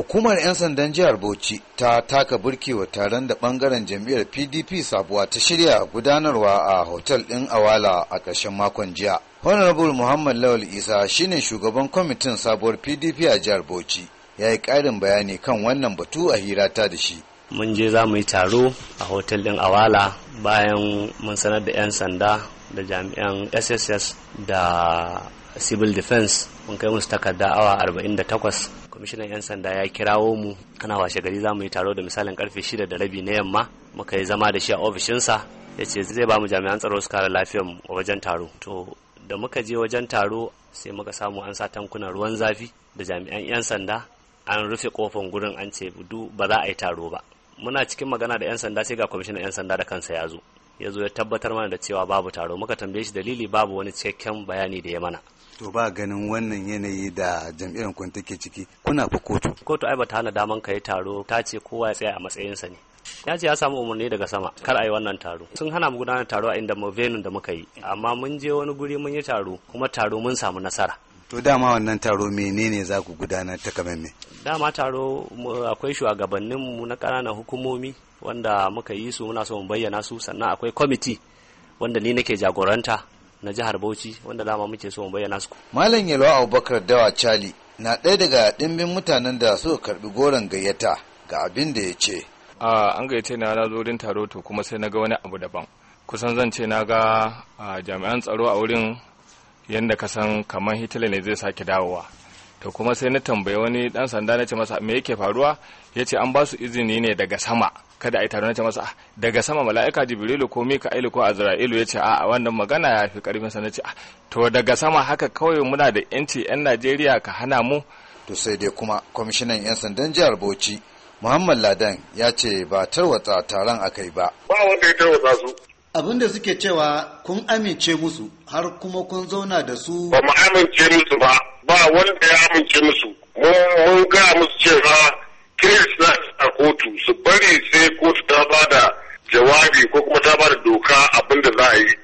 hukumar 'yan sandan jihar bauchi ta taka burkewa taron da bangaren jam'iyyar pdp sabuwa ta shirya gudanarwa a hotel ɗin awala a ƙarshen makon jiya honorable muhammad lawal isa shine shugaban kwamitin sabuwar pdp a jihar bauchi ya yi ƙarin bayani kan wannan batu a hira ta da shi mun je za mu yi taro a hotel ɗin awala bayan mun sanar da 'yan sanda da jami'an sss da civil defense mun kai musu takarda awa 48 kwamishinan 'yan sanda ya kirawo mu ana washe gari za mu yi taro da misalin karfe 6 da rabi na yamma muka yi zama da shi a ofishinsa ya ce zai ba mu jami'an tsaro su kare lafiyar mu wajen taro to da muka je wajen taro sai muka samu an sa tankunan ruwan zafi da jami'an 'yan sanda an rufe kofan gurin an ce budu ba za a yi taro ba muna cikin magana da 'yan sanda sai ga kwamishinan 'yan sanda da kansa ya zo ya zo ya tabbatar mana da cewa babu taro muka tambaye shi dalili babu wani cikakken bayani da ya mana to ba ganin wannan yanayi da jam'iyyar kun take ciki kuna fa kotu kotu ai ta hana daman ka taro ta ce kowa ya tsaya a matsayinsa ne ya ce ya samu umarni daga sama kar a yi wannan taro sun hana mu gudanar taro a inda mu da muka yi amma mun je wani guri mun yi taro kuma taro mun samu nasara to dama wannan taro menene za ku gudanar me dama taro akwai shugabanninmu na ƙananan hukumomi wanda muka yi su muna so mu bayyana su sannan akwai kwamiti wanda ni nake jagoranta na jihar Bauchi wanda dama muke so mu bayyana su Malam Yalwa Abubakar Dawa Chali na ɗaya daga ɗimbin mutanen da suka karbi goron gayyata ga abin da ya ce an gayyace na na zo taro to kuma sai na ga wani abu daban kusan zan ce na ga jami'an tsaro a wurin yadda ka san kamar hitler ne zai sake dawowa to kuma sai na tambayi wani dan sanda na ce masa me yake faruwa ya ce an ba su izini ne daga sama kada a yi taro na ce masa ah, daga sama mala'ika jibrilu ko mika'ilu ko azra'ilu ya ce a wannan magana ya fi karfin sana ce ah, to daga sama haka kawai muna da yanci yan najeriya ka hana mu to sai dai kuma kwamishinan yan sandan jihar bauchi muhammad ladan ya ce ba tarwatsa taron akai ba ba wanda ya tarwatsa su Abin da suke cewa kun amince musu har kuma kun zauna da su ba mu amince musu ba ba wanda ya amince musu mun ga musu cewa kiris na a kotu su bari sai kotu ta ba da jawabi ko kuma ta ba da doka abinda za a yi